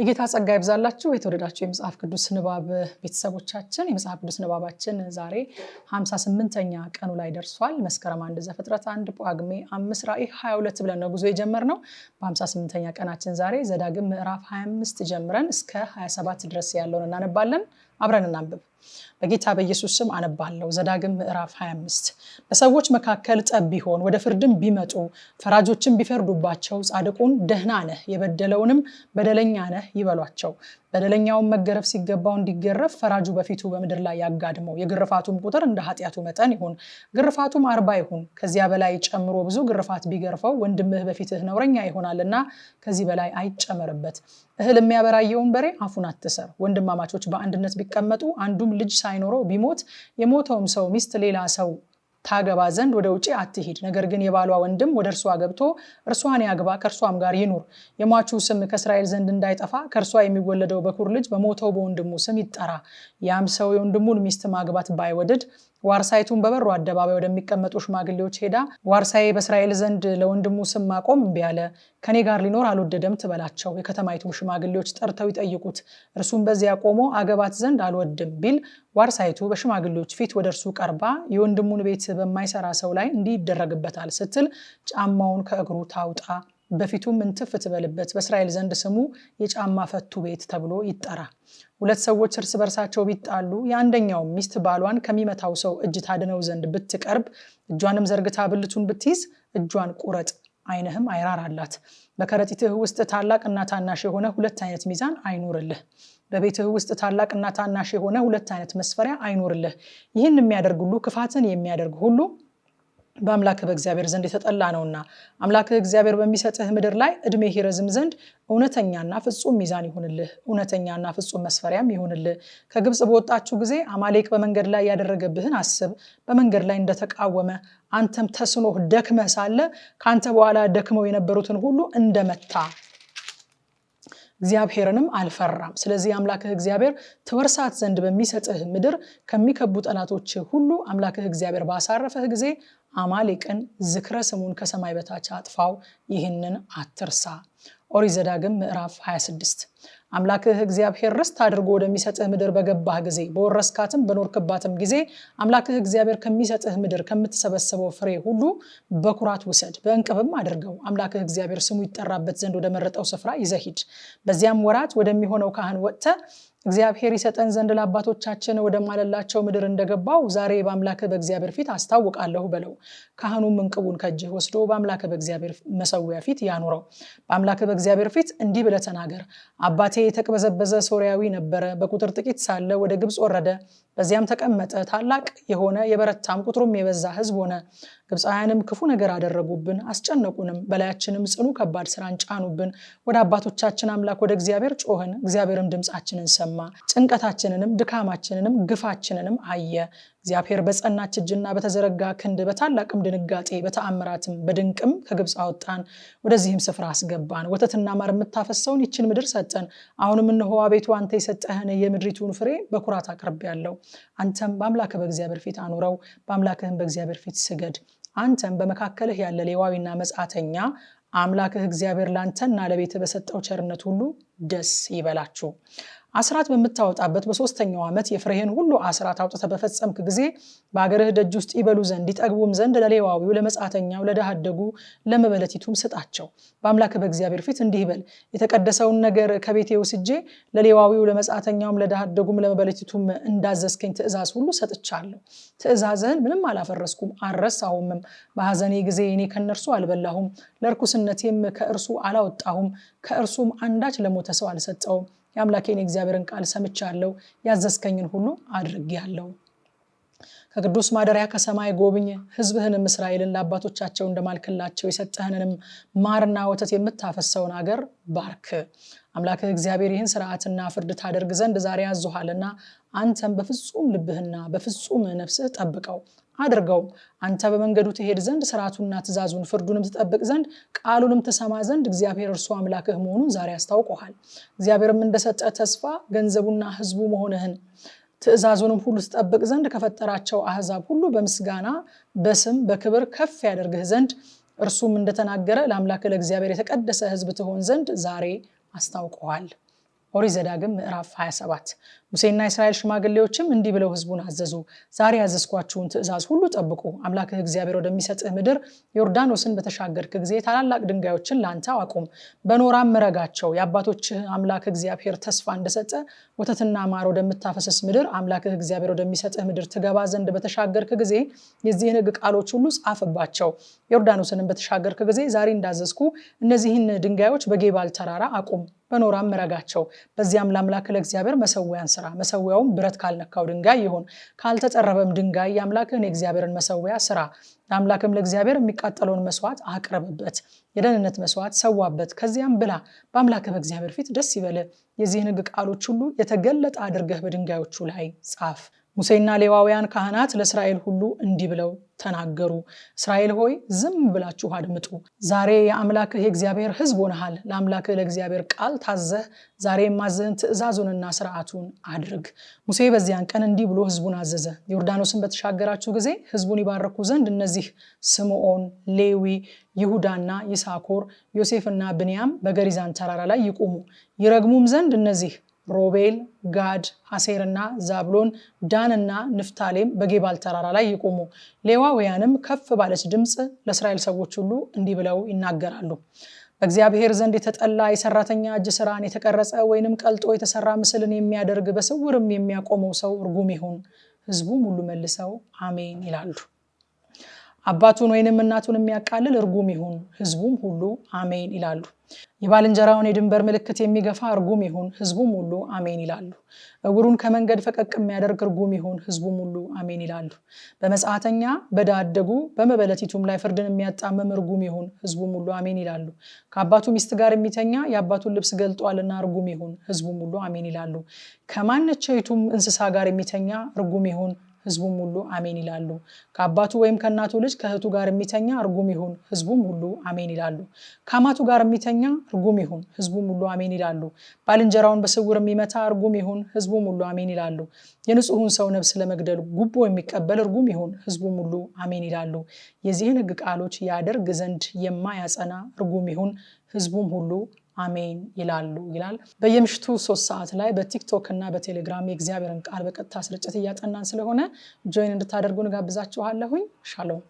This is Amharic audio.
የጌታ ጸጋ ይብዛላችሁ የተወደዳችሁ የመጽሐፍ ቅዱስ ንባብ ቤተሰቦቻችን የመጽሐፍ ቅዱስ ንባባችን ዛሬ 58ኛ ቀኑ ላይ ደርሷል። መስከረም አንድ ዘፍጥረት አንድ ጳጉሜ አምስት ራዕይ 22 ብለን ነው ጉዞ የጀመርነው። በ58ኛ ቀናችን ዛሬ ዘዳግም ምዕራፍ 25 ጀምረን እስከ 27 ድረስ ያለውን እናነባለን። አብረን እናንብብ። በጌታ በኢየሱስ ስም አነባለው ዘዳግም ምዕራፍ 25 በሰዎች መካከል ጠብ ቢሆን ወደ ፍርድም ቢመጡ ፈራጆችን ቢፈርዱባቸው ጻድቁን ደህና ነህ፣ የበደለውንም በደለኛ ነህ ይበሏቸው። በደለኛውን መገረፍ ሲገባው እንዲገረፍ ፈራጁ በፊቱ በምድር ላይ ያጋድመው። የግርፋቱም ቁጥር እንደ ኃጢአቱ መጠን ይሁን፣ ግርፋቱም አርባ ይሁን። ከዚያ በላይ ጨምሮ ብዙ ግርፋት ቢገርፈው ወንድምህ በፊትህ ነውረኛ ይሆናልና ከዚህ በላይ አይጨመርበት። እህል የሚያበራየውን በሬ አፉን አትሰር። ወንድማማቾች በአንድነት ቢቀመጡ አንዱም ልጅ ሳይኖረው ቢሞት የሞተውም ሰው ሚስት ሌላ ሰው ታገባ ዘንድ ወደ ውጭ አትሂድ። ነገር ግን የባሏ ወንድም ወደ እርሷ ገብቶ እርሷን ያግባ፣ ከእርሷም ጋር ይኑር። የሟቹ ስም ከእስራኤል ዘንድ እንዳይጠፋ ከእርሷ የሚወለደው በኩር ልጅ በሞተው በወንድሙ ስም ይጠራ። ያም ሰው የወንድሙን ሚስት ማግባት ባይወድድ ዋርሳይቱን በበሩ አደባባይ ወደሚቀመጡ ሽማግሌዎች ሄዳ ዋርሳዬ በእስራኤል ዘንድ ለወንድሙ ስም ማቆም እምቢ አለ፣ ከኔ ጋር ሊኖር አልወደደም ትበላቸው። የከተማይቱም ሽማግሌዎች ጠርተው ይጠይቁት፣ እርሱም በዚያ ቆሞ አገባት ዘንድ አልወድም ቢል ዋርሳይቱ በሽማግሌዎች ፊት ወደ እርሱ ቀርባ የወንድሙን ቤት በማይሰራ ሰው ላይ እንዲህ ይደረግበታል ስትል ጫማውን ከእግሩ ታውጣ በፊቱም እንትፍ ትበልበት፣ በእስራኤል ዘንድ ስሙ የጫማ ፈቱ ቤት ተብሎ ይጠራ። ሁለት ሰዎች እርስ በርሳቸው ቢጣሉ የአንደኛውም ሚስት ባሏን ከሚመታው ሰው እጅ ታድነው ዘንድ ብትቀርብ፣ እጇንም ዘርግታ ብልቱን ብትይዝ እጇን ቁረጥ፣ ዓይንህም አይራራላት። በከረጢትህ ውስጥ ታላቅና ታናሽ የሆነ ሁለት አይነት ሚዛን አይኖርልህ። በቤትህ ውስጥ ታላቅና ታናሽ የሆነ ሁለት አይነት መስፈሪያ አይኖርልህ። ይህን የሚያደርግ ሁሉ ክፋትን የሚያደርግ ሁሉ በአምላክ በእግዚአብሔር ዘንድ የተጠላ ነውና አምላክ እግዚአብሔር በሚሰጥህ ምድር ላይ እድሜ ይረዝም ዘንድ እውነተኛና ፍጹም ሚዛን ይሁንልህ፣ እውነተኛና ፍጹም መስፈሪያም ይሁንልህ። ከግብፅ በወጣችሁ ጊዜ አማሌክ በመንገድ ላይ ያደረገብህን አስብ። በመንገድ ላይ እንደተቃወመ አንተም ተስኖህ ደክመህ ሳለ ከአንተ በኋላ ደክመው የነበሩትን ሁሉ እንደመታ እግዚአብሔርንም አልፈራም። ስለዚህ አምላክህ እግዚአብሔር ትወርሳት ዘንድ በሚሰጥህ ምድር ከሚከቡ ጠላቶች ሁሉ አምላክህ እግዚአብሔር ባሳረፈህ ጊዜ አማሌቅን ዝክረ ስሙን ከሰማይ በታች አጥፋው፣ ይህንን አትርሳ። ኦሪት ዘዳግም ምዕራፍ 26 አምላክህ እግዚአብሔር ርስት አድርጎ ወደሚሰጥህ ምድር በገባህ ጊዜ በወረስካትም በኖርክባትም ጊዜ አምላክህ እግዚአብሔር ከሚሰጥህ ምድር ከምትሰበሰበው ፍሬ ሁሉ በኩራት ውሰድ፣ በእንቅብም አድርገው። አምላክህ እግዚአብሔር ስሙ ይጠራበት ዘንድ ወደመረጠው ስፍራ ይዘህ ሂድ። በዚያም ወራት ወደሚሆነው ካህን ወጥተ እግዚአብሔር ይሰጠን ዘንድ ለአባቶቻችን ወደማለላቸው ምድር እንደገባው ዛሬ በአምላክህ በእግዚአብሔር ፊት አስታውቃለሁ በለው። ካህኑም እንቅቡን ከእጅህ ወስዶ በአምላክህ በእግዚአብሔር መሰዊያ ፊት ያኑረው። በአምላክህ በእግዚአብሔር ፊት እንዲህ ብለህ ተናገር አባቴ የተቅበዘበዘ ሶርያዊ ነበረ። በቁጥር ጥቂት ሳለ ወደ ግብፅ ወረደ፣ በዚያም ተቀመጠ። ታላቅ የሆነ የበረታም ቁጥሩም የበዛ ሕዝብ ሆነ። ግብፃውያንም ክፉ ነገር አደረጉብን፣ አስጨነቁንም፣ በላያችንም ጽኑ ከባድ ስራን ጫኑብን። ወደ አባቶቻችን አምላክ ወደ እግዚአብሔር ጮህን፣ እግዚአብሔርም ድምፃችንን ሰማ፣ ጭንቀታችንንም ድካማችንንም ግፋችንንም አየ። እግዚአብሔር በጸናች እጅና በተዘረጋ ክንድ በታላቅም ድንጋጤ በተአምራትም በድንቅም ከግብፅ አወጣን፣ ወደዚህም ስፍራ አስገባን። ወተትና ማር የምታፈሰውን ይችን ምድር ሰጠን። አሁንም እነሆ አቤቱ አንተ የሰጠህን የምድሪቱን ፍሬ በኩራት አቅርቤያለሁ። አንተም በአምላክህ በእግዚአብሔር ፊት አኑረው፣ በአምላክህም በእግዚአብሔር ፊት ስገድ። አንተም በመካከልህ ያለ ሌዋዊና መጻተኛ አምላክህ እግዚአብሔር ላንተና ለቤተ በሰጠው ቸርነት ሁሉ ደስ ይበላችሁ። አስራት በምታወጣበት በሶስተኛው ዓመት የፍሬህን ሁሉ አስራት አውጥተ በፈጸምክ ጊዜ በአገርህ ደጅ ውስጥ ይበሉ ዘንድ ይጠግቡም ዘንድ ለሌዋዊው፣ ለመጻተኛው፣ ለድሃ ለመበለቲቱም ስጣቸው። በአምላክ በእግዚአብሔር ፊት እንዲህ በል፣ የተቀደሰውን ነገር ከቤቴ ውስጄ ለሌዋዊው፣ ለመጻተኛውም፣ ለድሃ ለመበለቲቱም እንዳዘዝከኝ ትእዛዝ ሁሉ ሰጥቻለሁ። ትእዛዝህን ምንም አላፈረስኩም አልረሳሁምም። በሐዘኔ ጊዜ እኔ ከነርሱ አልበላሁም፣ ለርኩስነቴም ከእርሱ አላወጣሁም፣ ከእርሱም አንዳች ለሞተ ሰው አልሰጠውም። የአምላኬን የእግዚአብሔርን ቃል ሰምቻለሁ፣ ያዘዝከኝን ሁሉ አድርጌያለሁ። ከቅዱስ ማደሪያ ከሰማይ ጎብኝ፣ ህዝብህንም እስራኤልን ለአባቶቻቸው እንደማልክላቸው የሰጠህንንም ማርና ወተት የምታፈሰውን አገር ባርክ። አምላክህ እግዚአብሔር ይህን ስርዓትና ፍርድ ታደርግ ዘንድ ዛሬ ያዙሃልና አንተም በፍጹም ልብህና በፍጹም ነፍስህ ጠብቀው አድርገው አንተ በመንገዱ ትሄድ ዘንድ ስርዓቱና ትእዛዙን ፍርዱንም ትጠብቅ ዘንድ ቃሉንም ትሰማ ዘንድ እግዚአብሔር እርሱ አምላክህ መሆኑን ዛሬ አስታውቀሃል። እግዚአብሔርም እንደሰጠ ተስፋ ገንዘቡና ህዝቡ መሆንህን ትእዛዙንም ሁሉ ትጠብቅ ዘንድ ከፈጠራቸው አህዛብ ሁሉ በምስጋና በስም በክብር ከፍ ያደርግህ ዘንድ እርሱም እንደተናገረ ለአምላክ ለእግዚአብሔር የተቀደሰ ህዝብ ትሆን ዘንድ ዛሬ አስታውቀዋል። ኦሪት ዘዳግም ምዕራፍ 27 ሙሴና የእስራኤል ሽማግሌዎችም እንዲህ ብለው ህዝቡን አዘዙ። ዛሬ ያዘዝኳችሁን ትእዛዝ ሁሉ ጠብቁ። አምላክህ እግዚአብሔር ወደሚሰጥህ ምድር ዮርዳኖስን በተሻገርክ ጊዜ ታላላቅ ድንጋዮችን ለአንተ አቁም፣ በኖራም ምረጋቸው። የአባቶችህ አምላክ እግዚአብሔር ተስፋ እንደሰጠ ወተትና ማር ወደምታፈሰስ ምድር አምላክህ እግዚአብሔር ወደሚሰጥህ ምድር ትገባ ዘንድ በተሻገርክ ጊዜ የዚህን ህግ ቃሎች ሁሉ ጻፍባቸው። ዮርዳኖስንም በተሻገርክ ጊዜ ዛሬ እንዳዘዝኩ እነዚህን ድንጋዮች በጌባል ተራራ አቁም በኖራም ምረጋቸው። በዚያም ለአምላክ ለእግዚአብሔር መሰዊያን ስራ። መሰዊያውም ብረት ካልነካው ድንጋይ ይሁን፣ ካልተጠረበም ድንጋይ የአምላክህን የእግዚአብሔርን መሰዊያ ስራ። ለአምላክም ለእግዚአብሔር የሚቃጠለውን መስዋዕት አቅርብበት፣ የደህንነት መስዋዕት ሰዋበት፣ ከዚያም ብላ፣ በአምላክ በእግዚአብሔር ፊት ደስ ይበልህ። የዚህን ሕግ ቃሎች ሁሉ የተገለጠ አድርገህ በድንጋዮቹ ላይ ጻፍ። ሙሴና ሌዋውያን ካህናት ለእስራኤል ሁሉ እንዲህ ብለው ተናገሩ። እስራኤል ሆይ ዝም ብላችሁ አድምጡ። ዛሬ የአምላክህ የእግዚአብሔር ሕዝብ ሆነሃል። ለአምላክህ ለእግዚአብሔር ቃል ታዘህ ዛሬ የማዘህን ትእዛዙንና ስርዓቱን አድርግ። ሙሴ በዚያን ቀን እንዲህ ብሎ ሕዝቡን አዘዘ። ዮርዳኖስን በተሻገራችሁ ጊዜ ሕዝቡን ይባረኩ ዘንድ እነዚህ ስምዖን፣ ሌዊ፣ ይሁዳና ይሳኮር፣ ዮሴፍና ብንያም በገሪዛን ተራራ ላይ ይቁሙ። ይረግሙም ዘንድ እነዚህ ሮቤል፣ ጋድ፣ አሴርና ዛብሎን፣ ዳንና ንፍታሌም በጌባል ተራራ ላይ ይቆሙ። ሌዋውያንም ከፍ ባለች ድምፅ ለእስራኤል ሰዎች ሁሉ እንዲህ ብለው ይናገራሉ። በእግዚአብሔር ዘንድ የተጠላ የሰራተኛ እጅ ስራን የተቀረጸ ወይንም ቀልጦ የተሰራ ምስልን የሚያደርግ በስውርም የሚያቆመው ሰው እርጉም ይሁን። ህዝቡም ሁሉ መልሰው አሜን ይላሉ። አባቱን ወይንም እናቱን የሚያቃልል እርጉም ይሁን፣ ህዝቡም ሁሉ አሜን ይላሉ። የባልንጀራውን የድንበር ምልክት የሚገፋ እርጉም ይሁን፣ ህዝቡም ሁሉ አሜን ይላሉ። እውሩን ከመንገድ ፈቀቅ የሚያደርግ እርጉም ይሁን፣ ህዝቡም ሁሉ አሜን ይላሉ። በመጻተኛ በዳደጉ አደጉ በመበለቲቱም ላይ ፍርድን የሚያጣምም እርጉም ይሁን፣ ህዝቡም ሁሉ አሜን ይላሉ። ከአባቱ ሚስት ጋር የሚተኛ የአባቱን ልብስ ገልጧልና እርጉም ይሁን፣ ህዝቡም ሁሉ አሜን ይላሉ። ከማነቸይቱም እንስሳ ጋር የሚተኛ እርጉም ይሁን ህዝቡም ሁሉ አሜን ይላሉ። ከአባቱ ወይም ከእናቱ ልጅ ከእህቱ ጋር የሚተኛ እርጉም ይሁን፣ ህዝቡም ሁሉ አሜን ይላሉ። ከአማቱ ጋር የሚተኛ እርጉም ይሁን፣ ህዝቡም ሁሉ አሜን ይላሉ። ባልንጀራውን በስውር የሚመታ እርጉም ይሁን፣ ህዝቡም ሁሉ አሜን ይላሉ። የንጹሑን ሰው ነፍስ ለመግደል ጉቦ የሚቀበል እርጉም ይሁን፣ ህዝቡም ሁሉ አሜን ይላሉ። የዚህን ህግ ቃሎች ያደርግ ዘንድ የማያጸና እርጉም ይሁን፣ ህዝቡም ሁሉ አሜን ይላሉ ይላል። በየምሽቱ ሶስት ሰዓት ላይ በቲክቶክ እና በቴሌግራም የእግዚአብሔርን ቃል በቀጥታ ስርጭት እያጠናን ስለሆነ ጆይን እንድታደርጉ እንጋብዛችኋለሁኝ። ሻሎም